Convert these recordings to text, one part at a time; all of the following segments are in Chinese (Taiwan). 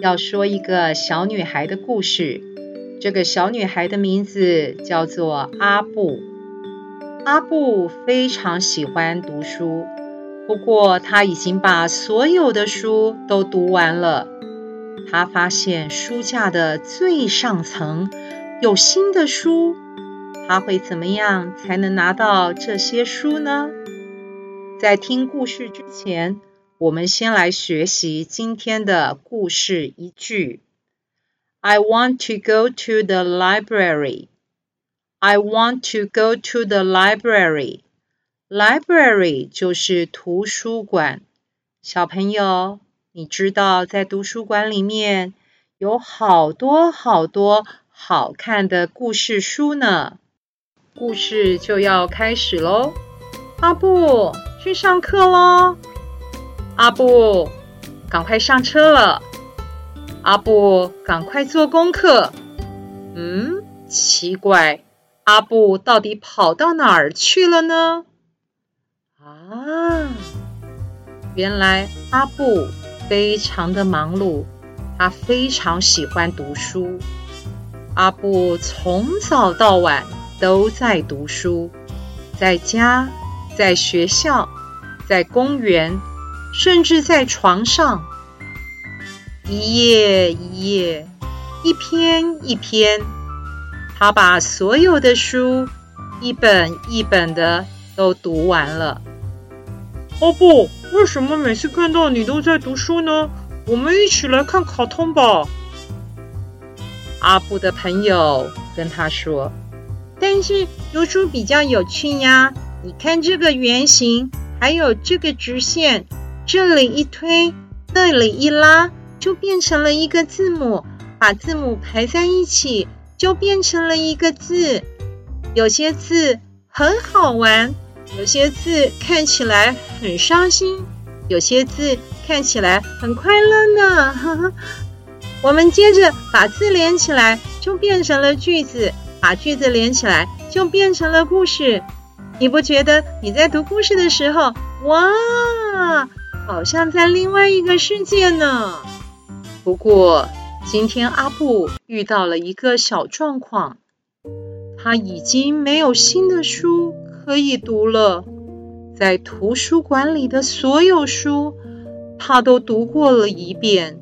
要說一個小女孩的故事，這個小女孩的名字叫做阿布。阿布非常喜歡讀書，不過她已經把所有的書都讀完了。她發現書架的最上層有新的書，她會怎麼樣才能拿到這些書呢？在聽故事之前。我們先來學習今天的故事一句。I want to go to the library. I want to go to the library. Library 就是圖書館。小朋友，你知道在圖書館裡面有好多好多好看的故事書呢。故事就要開始嘍。阿布，去上課嘍。阿布，趕快上車了！阿布，趕快做功課。嗯，奇怪，阿布到底跑到哪兒去了呢？啊，原來阿布非常的忙碌，她非常喜歡讀書。阿布從早到晚都在讀書，在家，在學校，在公園。甚至在床上，一頁一頁，一篇一篇，他把所有的書一本一本的都讀完了。阿布，為什麼每次看到你都在讀書呢？我們一起來看卡通吧。阿布的朋友跟他說：“但是讀書比較有趣呀，你看這個圓形，還有這個直線。”這裡一推，那裡一拉，就變成了一個字母。把字母排在一起，就變成了一個字。有些字很好玩，有些字看起來很傷心，有些字看起來很快樂呢。 我們接着把字連起來，就變成了句子；把句子連起來，就變成了故事。你不覺得你在讀故事的時候，哇！好像在另外一個世界呢。不過，今天阿布遇到了一個小狀況，他已經沒有新的書可以讀了。在圖書館裡的所有書，他都讀過了一遍，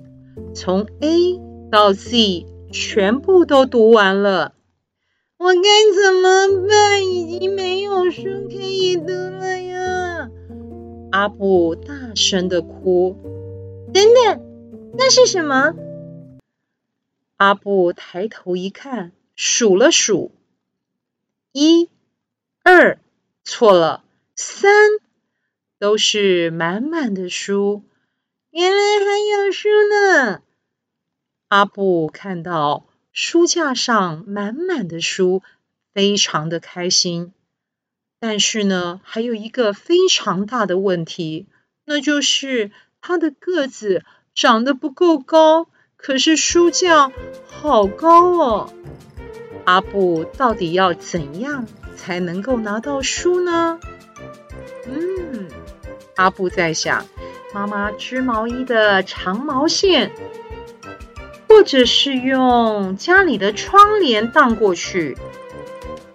從 A 到 Z 全部都讀完了。我該怎麼辦？已經沒有書可以讀了呀！阿布大聲的哭。等等，那是什麼？阿布抬頭一看，數了數，一、二，錯了，三，都是滿滿的書。原來還有書呢！阿布看到書架上滿滿的書，非常的開心。但是呢，還有一個非常大的問題，那就是她的個子長得不夠高，可是書架好高哦。阿布到底要怎樣才能夠拿到書呢？嗯，阿布在想，媽媽織毛衣的長毛線，或者是用家裡的窗簾盪過去。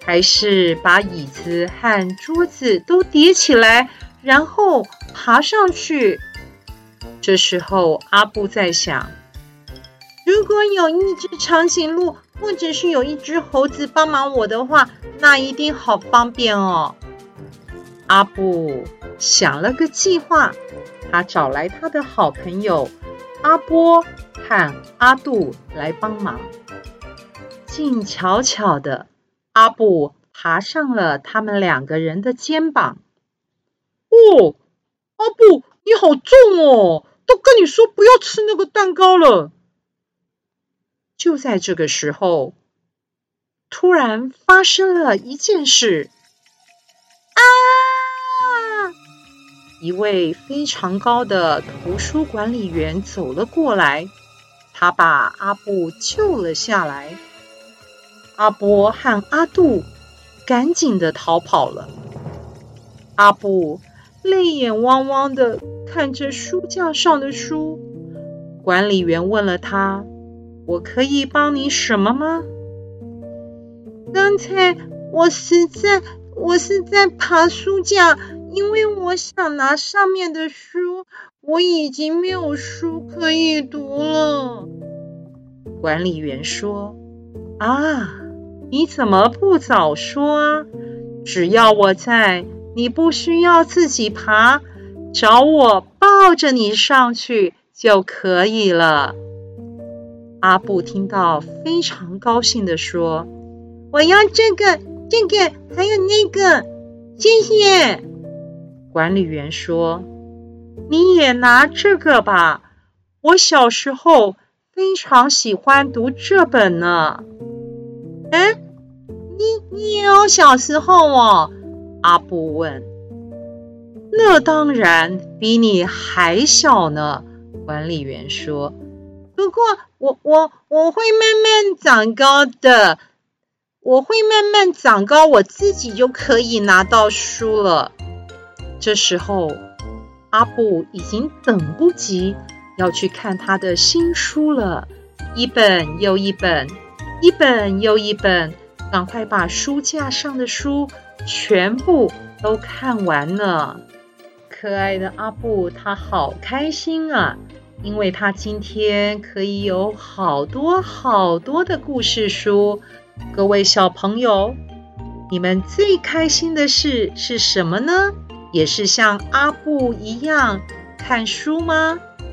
還是把椅子和桌子都疊起來，然後爬上去。這時候，阿布在想：如果有一只長頸鹿，或者是有一只猴子幫忙我的話，那一定好方便哦。阿布想了個計劃，他找來他的好朋友阿波和阿杜來幫忙，靜悄悄的。阿布爬上了他們兩個人的肩膀。哦，阿布，你好重哦！都跟你說不要吃那個蛋糕了。就在這個時候，突然發生了一件事。啊！一位非常高的圖書管理員走了過來，他把阿布救了下來。阿波和阿杜，趕緊的逃跑了。阿布淚眼汪汪的看着書架上的書。管理員問了他：“我可以幫你什麼嗎？”“剛才我實在我是在爬書架，因為我想拿上面的書。我已經沒有書可以讀了。”管理員說：“啊。”你怎麼不早說啊？只要我在，你不需要自己爬，找我抱着你上去就可以了。阿布聽到非常高興地說：“我要這個，這個，還有那個，謝謝。”管理員說：“你也拿這個吧，我小時候非常喜歡讀這本呢。”嗯、欸，你你也有小時候哦？阿布問。那當然，比你還小呢。管理員說。不過我我我會慢慢長高的，我會慢慢長高，我自己就可以拿到書了。這時候，阿布已經等不及要去看他的新書了，一本又一本。一本又一本，趕快把書架上的書全部都看完了。可愛的阿布，她好開心啊，因為她今天可以有好多好多的故事書。各位小朋友，你們最開心的事是什麼呢？也是像阿布一樣看書嗎？